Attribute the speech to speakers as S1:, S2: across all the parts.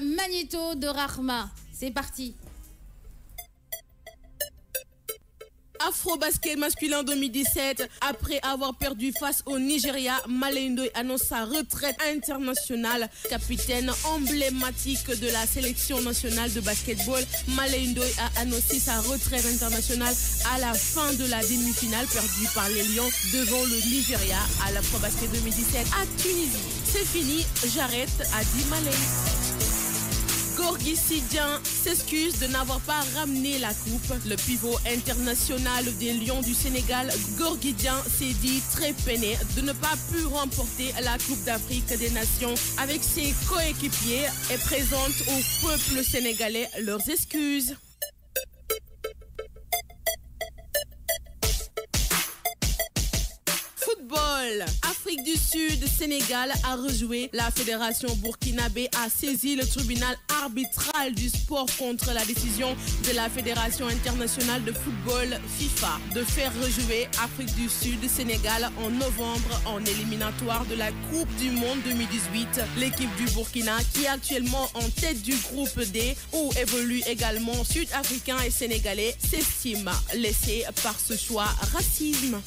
S1: Magneto de Rahma. C'est parti.
S2: Afro-basket masculin 2017. Après avoir perdu face au Nigeria, Ndoye annonce sa retraite internationale. Capitaine emblématique de la sélection nationale de basketball, Ndoye a annoncé sa retraite internationale à la fin de la demi-finale perdue par les Lions devant le Nigeria à l'Afro-basket 2017 à Tunisie. C'est fini, j'arrête, a dit Malé Gorgui s'excuse de n'avoir pas ramené la coupe. Le pivot international des Lions du Sénégal, Gorgui s'est dit très peiné de ne pas pu remporter la Coupe d'Afrique des Nations avec ses coéquipiers et présente au peuple sénégalais leurs excuses. Afrique du Sud, Sénégal a rejoué. La fédération burkinabé a saisi le tribunal arbitral du sport contre la décision de la Fédération internationale de football FIFA de faire rejouer Afrique du Sud, Sénégal en novembre en éliminatoire de la Coupe du Monde 2018. L'équipe du Burkina qui est actuellement en tête du groupe D où évoluent également Sud-Africains et Sénégalais s'estime laissé par ce choix racisme.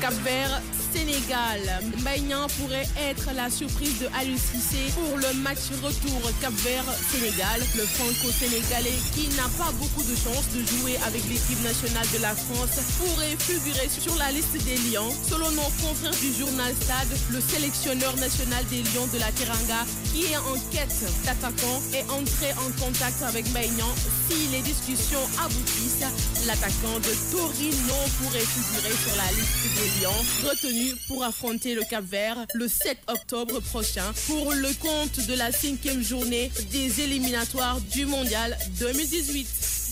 S2: Cap Vert, Sénégal. Maïgnan pourrait être la surprise de Alucissé pour le match retour Cap Vert, Sénégal. Le franco-sénégalais qui n'a pas beaucoup de chance de jouer avec l'équipe nationale de la France pourrait figurer sur la liste des Lions. Selon nos confrère du journal Stade, le sélectionneur national des Lions de la Teranga qui est en quête d'attaquant est entré en contact avec Maïnan si les discussions aboutissent, l'attaquant de Torino pourrait figurer sur la liste des Lions, retenu pour affronter le Cap-Vert le 7 octobre prochain pour le compte de la cinquième journée des éliminatoires du Mondial 2018.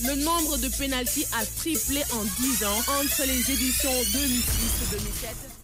S2: Le nombre de pénalty a triplé en 10
S1: ans entre les éditions 2006 2007.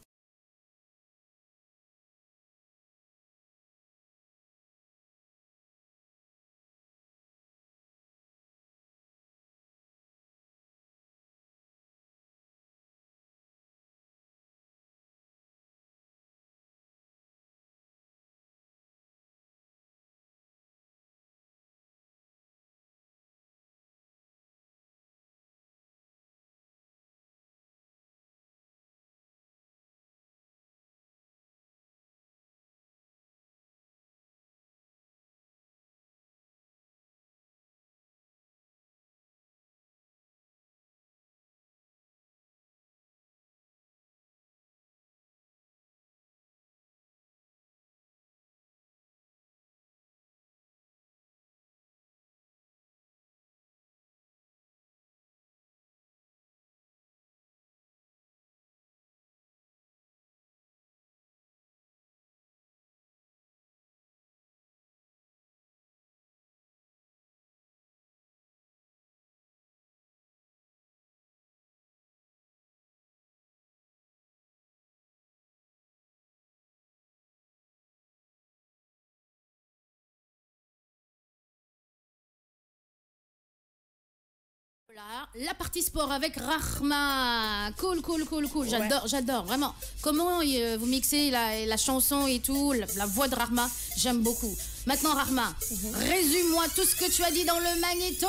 S1: la partie sport avec Rahma. Cool, cool, cool, cool. J'adore, j'adore, vraiment. Comment euh, vous mixez la, chanson et tout, la, voix de Rahma, j'aime beaucoup. Maintenant, Rahma, mhm. résume-moi tout ce que tu as dit dans le magnéto.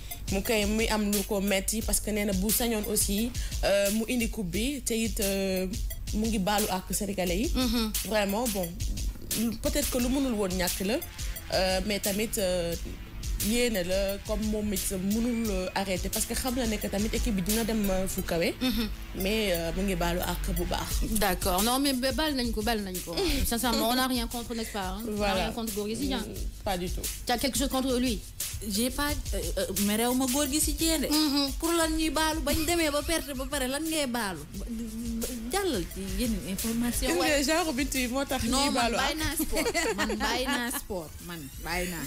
S2: mu koy muy am lu ko metti parce que nee na bu sañoon aussi euh, mu indi coupe bi te it euh, mu ngi baalu ak sénégalais yi. Mm-hmm. vraiment bon peut-être que lu mënul woon ñàkk la euh, mais tamit. yéene la comme moom it mënul euh, arrêté parce que xam na ne que tamit équipe bi dina dem euh, fu kawe. Mhm. mais euh, mu ngi baalu àq
S1: bu baax. d' accord non mais bal nañ ko bal nañ ko. sincèrement on n' a rien contre n'est-ce pas. Hein? voilà on n' a rien contre Gorgui mm, pas du tout. tu as quelque chose contre lui. j'ai pas mais réew ma Gorgui
S3: Sy si de. Mhm. pour lan ñuy baalu bañ demee ba perte ba pare lan ngay baalu. jàllal ci yenn information. waaye genre bi moo tax. ñuy baalu non man bàyyi naa sport man bàyyi naa sport man bàyyi naa.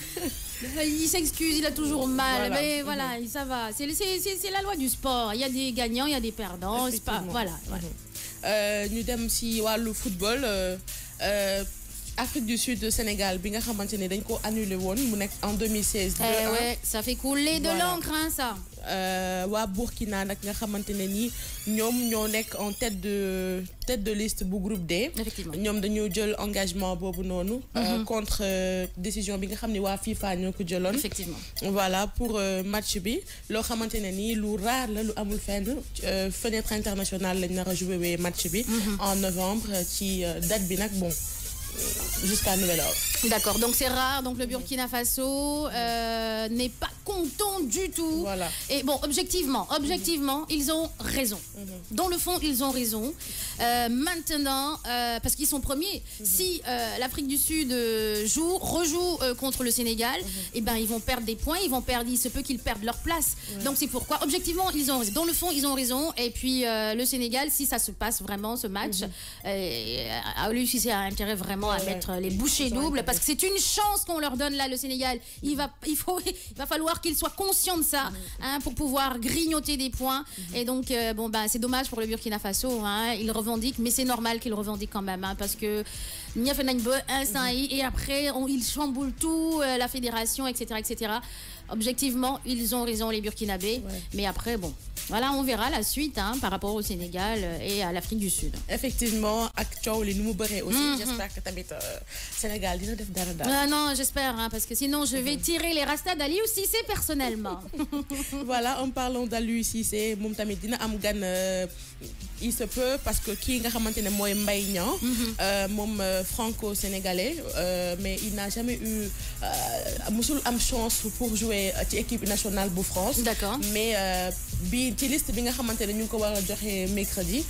S1: Il s'excuse, il a toujours mal, mais voilà, il ça va. C'est la loi du sport. Il y a des gagnants, il y a des perdants. Pas, voilà. voilà.
S2: Euh, nous si le football. Euh, euh, Afrique du Sud Sénégal bi nga xamante dañ ko mu en 2016. Eh ouais,
S1: ça fait couler de l'encre hein,
S2: ça. Euh, Wa Burkina Nak nga xamante ne nii en tête de tête de liste bu groupe D. effectivement ñoom dañoo jël engagement boobu nous euh, mhm. contre euh, décision bi nga xam FIFA ñoo ko effectivement voilà pour match bi Lo xamante ni lu rare lu amul fenn fenêtre internationale lañ rejoué a joué match bi. Mhm. en novembre ci date bi bon jusqu'à nouvel D'accord,
S1: donc c'est rare. Donc le Burkina Faso euh, n'est pas content du tout. Et bon, objectivement, objectivement, ils ont raison. Mhm. Dans le fond, ils ont raison. Euh, maintenant, euh, parce qu'ils sont premiers, mhm. si euh, l'Afrique du Sud joue, rejoue contre le Sénégal, mhm. et eh ben ils vont perdre des points, ils vont perdre, il se peut qu'ils perdent leur place. Donc c'est pourquoi, objectivement, ils ont raison. Dans le fond, ils ont raison. Et puis le Sénégal, si ça se passe vraiment ce match, lui, si c'est un intérêt vraiment à mettre les bouchées doubles, parce que c'est une chance qu'on leur donne là, le Sénégal. Il va, il faut, il va falloir qu'il soit conscient de ça, hein, pour pouvoir grignoter des points. Et donc, euh, bon, bah, c'est dommage pour le Burkina Faso. Hein. il revendique mais c'est normal qu'il revendique quand même, hein, parce que mhm. et après, on, ils chamboulent tout, euh, la fédération, etc., etc objectivement, ils ont raison, les Burkinabés. Mais après, bon, voilà, on verra la suite hein, par rapport au Sénégal euh, et à l'Afrique du Sud. Effectivement, actuellement, les nouveaux aussi. Mhm. J'espère que tu habites euh, au Sénégal. Ah non, j'espère, hein, parce que sinon, je vais tirer les rastas aussi, c'est personnellement.
S2: voilà, en parlant d'Ali c'est Cissé, Moumtamidina Amgan. Euh, il se peut parce que kii nga xamante ne mooy Mbaye mhm. euh, euh, franco-sénégalais euh, mais il n'a jamais eu musul am chance pour jouer à l'équipe nationale de France d'accord mais bi ci liste bi nga xamante ne ñu ngi ko war a mercredi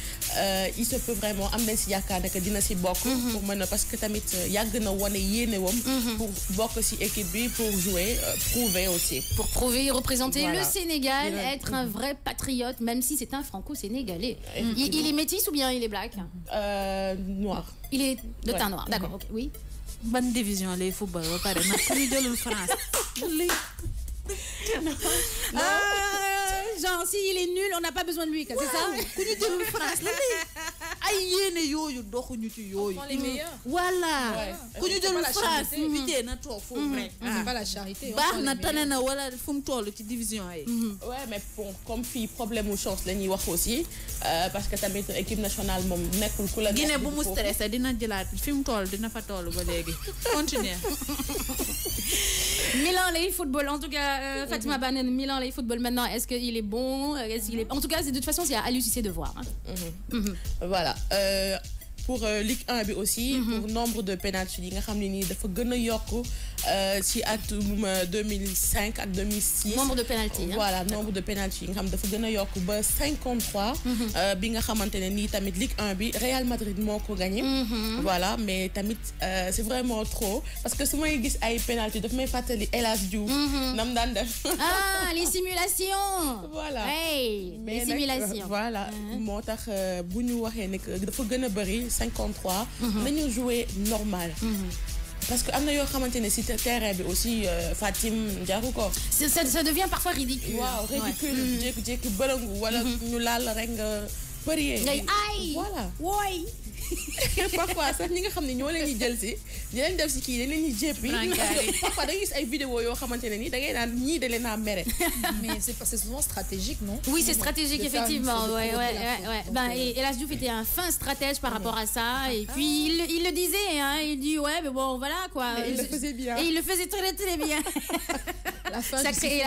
S2: il se peut vraiment am nañ si yaakaar ne dina si bokk mhm. pour mën parce que tamit yàgg na wane wom mhm. pour bokk si équipe bi pour jouer prouver aussi pour prouver représenter le Sénégal être un vrai
S1: patriote même si c'est un franco-sénégalais il, est métis ou bien il est black euh,
S3: Noir. Il est de teint noir, d'accord, mhm. oui. Bonne division, les football, de France.
S1: Euh, genre, s'il est nul, on n'a pas besoin de lui, c'est ça de France, ay yéene yooyu doxuñu
S3: ci yooyu. Mm. voilà ku ñu jël France invité mm. na toog foofu mm. rek. Ah. baax na tane na wala fu mu toll ci division yi. Mm-hmm.
S2: ouais mais bon comme fii problème mu chance la ñuy wax aussi euh, parce que tamit équipe nationale moom
S3: nekkul ku la. Guinée bu mu stressé dina jëlaat fi mu toll dina fa toll ba léegi continuer.
S1: Milan lay football en tout cas euh, mm-hmm. Fatima Banen Milan lay football maintenant est-ce qu'il est bon est-ce qu'il est en tout cas de toute façon c'est à Aliou Cissé de voir. Hein.
S2: Mm-hmm. voilà. uh, pour euh, Ligue 1 aussi. Mhm. pour nombre de pénalty Nous nga xam ne nii dafa gën a euh, 2005 à 2006. nombre de pénalty hein. Voilà, voilà nombre de pénalty Nous nga xam dafa gën a 53. Mhm. Euh, bi nga xamante le nii tamit Ligue 1 bi Real Madrid moo gagné. Mhm. voilà mais tamit euh, c'est vraiment trop parce que su may gis ay pénalty daf may fàttali El Hadj Diouf. nam daan def. ah les simulations.
S1: voilà les simulations. voilà hein.
S2: moo tax bu ñu waxee que dafa faut a 53. Mhm. mais nous jouer normal. Mhm. parce que am nous si aussi euh, Fatim Jaruko. ça devient parfois ridicule. Wow, ridicule jékki que nous wala mhm. ñu laal rek voilà parfois sax ñi nga xam ne ñoo leen di jël si di leen def si kii dañ leen di jéppi parfois da gis ay vidéo yoo xamante ne ni da ngay naan ñii da leen naa mere mais c'est
S1: souvent stratégique non oui c'est stratégique effectivement ouais, ouais, ouais, ben, et Elas euh, était un fin stratège par rapport à ça ah, et ah. puis il, il le disait hein, il dit ouais mais bon voilà quoi mais il le faisait bien et il le faisait très très bien la fin Sacré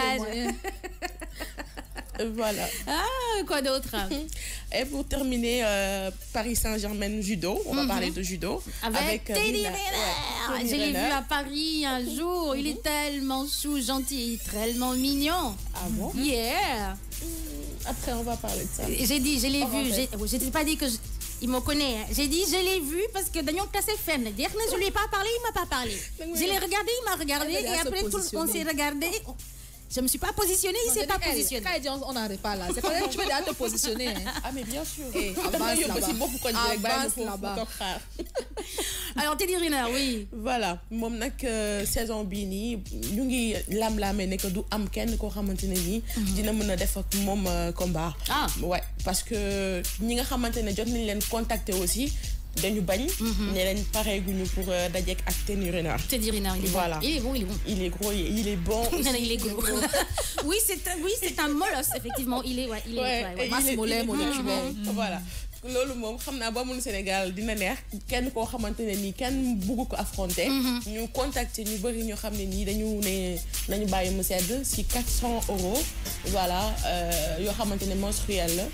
S2: voilà ah quoi d'autre et pour terminer, euh, Paris Saint-Germain judo. On va mhm. parler de judo. Avec, euh, Teddy ah, Je l'ai vu à
S1: Paris un jour. Il mhm. est tellement chou, gentil, tellement mignon. Ah bon mhm. Yeah. Mm, après, on va parler de ça. J'ai dit, je l'ai vu. Je n'ai pas dit que... Il me connaît. Hein. J'ai dit, je l'ai vu parce que Daniel Kassefem, le je ne lui ai pas parlé, il ne m'a pas parlé. Je l'ai regardé, il m'a regardé. Et après, tout, on s'est regardé. Je ne me suis pas positionnée, il ne s'est pas positionné.
S3: Quand elle dit on n'arrête pas là, c'est quand même tu veux déjà te positionner. Hein.
S1: Ah, mais bien sûr. Et eh, ah,
S3: avance là-bas.
S2: Alors, Teddy Riner, oui. Voilà. je suis 16 ans, je Bini. Nous sommes l'âme là, mais nous sommes ken je suis ni dina mëna def ak mom euh, combat ah ouais parce que ñi nga xamantene jot nañ leen contacter aussi dañu bañ. Mhm. ne paré guñu pour euh, dajeek ak Teddy Riner. Teddy renard,
S1: il est bon il est bon il
S2: est bon. il est gros il est bon. il est gros
S1: oui c'est oui c'est un molosse effectivement il est ouais, il est. masse molaire mhm. mhm. voilà. lolu mom xamna
S2: ba amul Sénégal dina neex kenn ko xamantene ni kenn bugg ko affronter. ñu contacter ñu bari ñu xamné ni dañu né nañu bàyyi mu sedd 400 euros voilà euh, yoo xamante ne mensuel la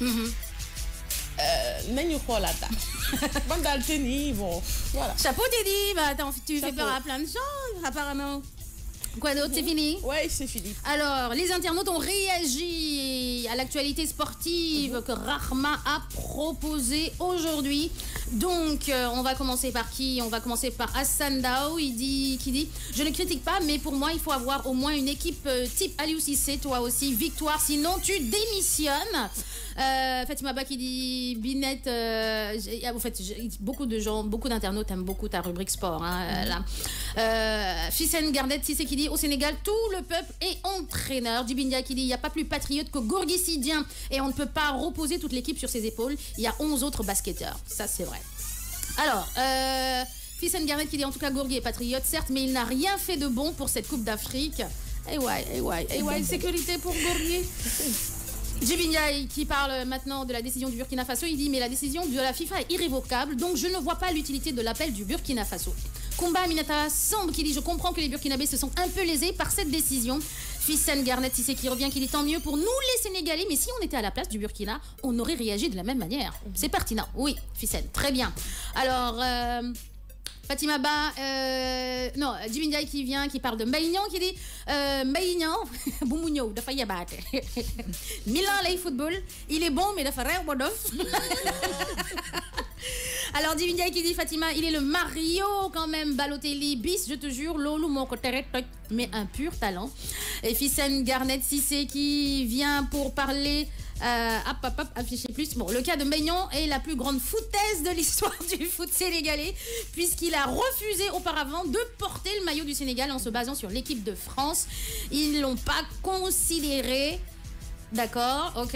S2: nañu il faut Bon bon voilà.
S1: chapeau Didi bah attends tu chapeau. fais peur à plein de gens apparemment. Quoi d'autre, c'est fini Ouais, c'est fini. Alors, les internautes ont réagi à l'actualité sportive que Rahma a proposée aujourd'hui. Donc, euh, on va commencer par qui On va commencer par Hassan Dao, il dit, qui dit « Je ne critique pas, mais pour moi, il faut avoir au moins une équipe euh, type Aliou toi aussi, victoire, sinon tu démissionnes euh, Fatima Bakidi, qui dit « Binette, en fait, beaucoup de gens, beaucoup d'internautes aiment beaucoup ta rubrique sport, hein, là. Gardet Sissé qui dit « Au Sénégal, tout le peuple est entraîneur ». Dibindia qui dit « Il n'y a pas plus patriote que Gourgissidien et on ne peut pas reposer toute l'équipe sur ses épaules. Il y a 11 autres basketteurs. » Ça, c'est vrai. Alors, euh, Fissen qui dit en tout cas Gourguet patriote, certes, mais il n'a rien fait de bon pour cette Coupe d'Afrique. Et eh ouais, hey eh ouais, hey eh ouais, sécurité pour Gourguet. Djibinyai qui parle maintenant de la décision du Burkina Faso, il dit mais la décision de la FIFA est irrévocable, donc je ne vois pas l'utilité de l'appel du Burkina Faso. Kumba Minata semble qui dit Je comprends que les Burkinabés se sont un peu lésés par cette décision. Garnett Garnet c'est qui revient, qui dit tant mieux pour nous les Sénégalais, mais si on était à la place du Burkina, on aurait réagi de la même manière. Mhm. C'est pertinent, oui, Fissen, très bien. Alors. Euh, Fatima Ba, euh, non, Djibindiaï qui vient, qui parle de Mbaïnian, qui dit euh, Mbaïnian, Boumounio, Milan lay football, il est bon, mais dafa rew Alors, Divinia qui dit Fatima, il est le Mario quand même, Balotelli, bis, je te jure, Lolo, mon côté, mais un pur talent. Et Fissen Garnet c'est qui vient pour parler. Euh, hop, hop, hop, afficher plus. Bon, le cas de Maignan est la plus grande foutaise de l'histoire du foot sénégalais, puisqu'il a refusé auparavant de porter le maillot du Sénégal en se basant sur l'équipe de France. Ils l'ont pas considéré. D'accord, ok.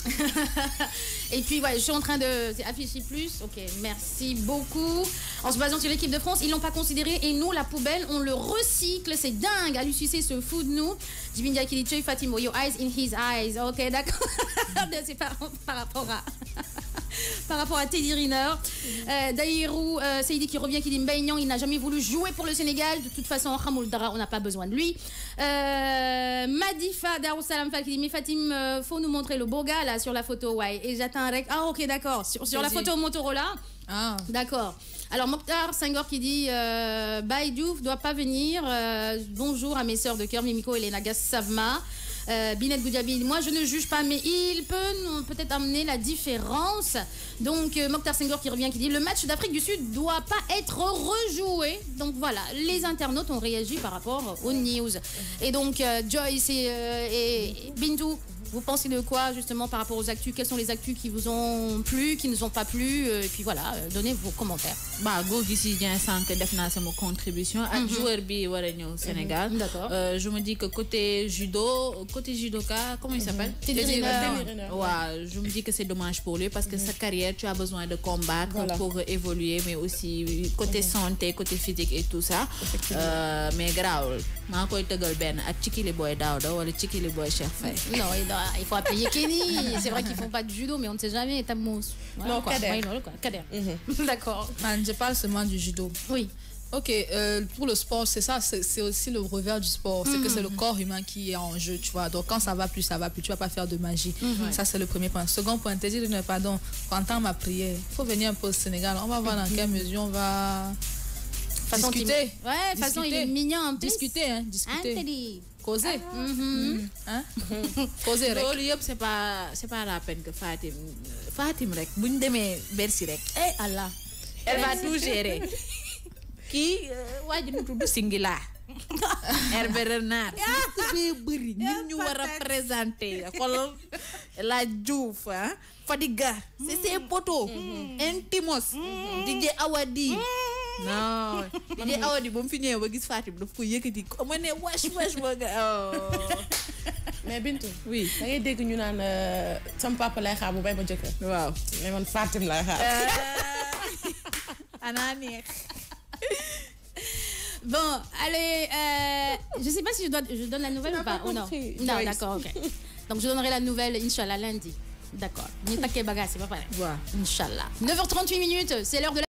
S1: et puis ouais, je suis en train de afficher plus. Ok, merci beaucoup. En se basant sur l'équipe de France, ils l'ont pas considéré et nous la poubelle, on le recycle. C'est dingue. Alucissé se fout de nous. Jibinia Kilichoy Fatimo, your eyes in his eyes. Ok, d'accord. C'est par rapport à. par rapport à Teddy Riner. Euh, Daïrou euh, qui revient, qui dit Mbaignan, il n'a jamais voulu jouer pour le Sénégal. De toute façon, on n'a pas besoin de lui. Euh, Madifa Darussalam qui dit Mais Fatim, euh, faut nous montrer le beau gars là sur la photo. Ouais. Et j'attends un rec. Ah, ok, d'accord. Sur, la photo Motorola. Ah. D'accord. Alors Mokhtar Senghor qui dit euh, Baïdouf doit pas venir. Euh, bonjour à mes sœurs de cœur, Mimiko et Lena Savma. Euh, Binet Goudiabine, Moi, je ne juge pas, mais il peut peut-être amener la différence. Donc, euh, Mokhtar Senghor qui revient, qui dit le match d'Afrique du Sud doit pas être rejoué. Donc voilà, les internautes ont réagi par rapport aux news. Et donc, euh, Joyce et, et Bintou vous pensez de quoi justement par rapport aux actus Quelles sont les actus qui vous ont plu, qui ne vous ont pas plu euh, Et puis voilà, euh, donnez vos commentaires. Bah, go ici, j'ai que définitivement c'est mon contribution. À mhm. joueur
S3: bi au Sénégal. Mhm. D'accord. Euh, je me dis que côté judo, côté judoka, comment il mhm. s'appelle je me dis que c'est dommage pour lui parce que sa carrière, tu as besoin de combattre pour évoluer, mais aussi côté santé, côté physique et tout ça. mais grave, je suis un peu de à Chikili Boy Dauda Chef. Non, euh, il faut appeler Kenny. C'est vrai qu'ils font
S1: pas de judo, mais on ne sait jamais. t'as Voilà, non, quoi. Kader. Mhm. D'accord. Ah, je parle seulement du judo. Oui. Ok, euh, pour le sport,
S3: c'est ça, c'est aussi le revers du sport. C'est que mhm. c'est le corps humain qui est en jeu, tu vois. Donc quand ça va plus, ça va plus, tu vas pas faire de magie. Mhm. ça, c'est le premier point. Second point, t'es dit, pardon, on ma prière, il faut venir un peu au Sénégal. On va voir dans quelle mesure on va discuter. Ouais, façon, il est
S1: mignon Discuter, hein, discuter. causer. ah
S3: causer mm-hmm. ah. rek loolu yëpp c'est pas la peine que Fatim Fatim rek bu demee Bercy rek eh Allah elle va tout gérer kii euh, waa ji nu tudd Singila. Hervé Renard. bëri ñun ñu war a présenter xoolal la Diouf ah. Fadiga. c'est ses potos. Mm-hmm. Intimos. Mm-hmm. DJ Awadi. non di awa di ba mu fi ñëwee ba gis Fatim daf ko yëkkati ko ma ne wesh wesh ba nga mais Bintu. oui
S2: da ngay dégg ñu naan sama eh, papa lay xaar mu bay ma jëkkër. waaw mais man Fatim lay xaar. Eh.
S1: ana neex. bon allez euh, je sais pas si je dois je donne la nouvelle ou pas ou non non d'accord ok donc je donnerai la nouvelle inshallah lundi d'accord ñu takkee bagage pas pareil. waaw inshallah 9h38 minutes c'est l'heure de la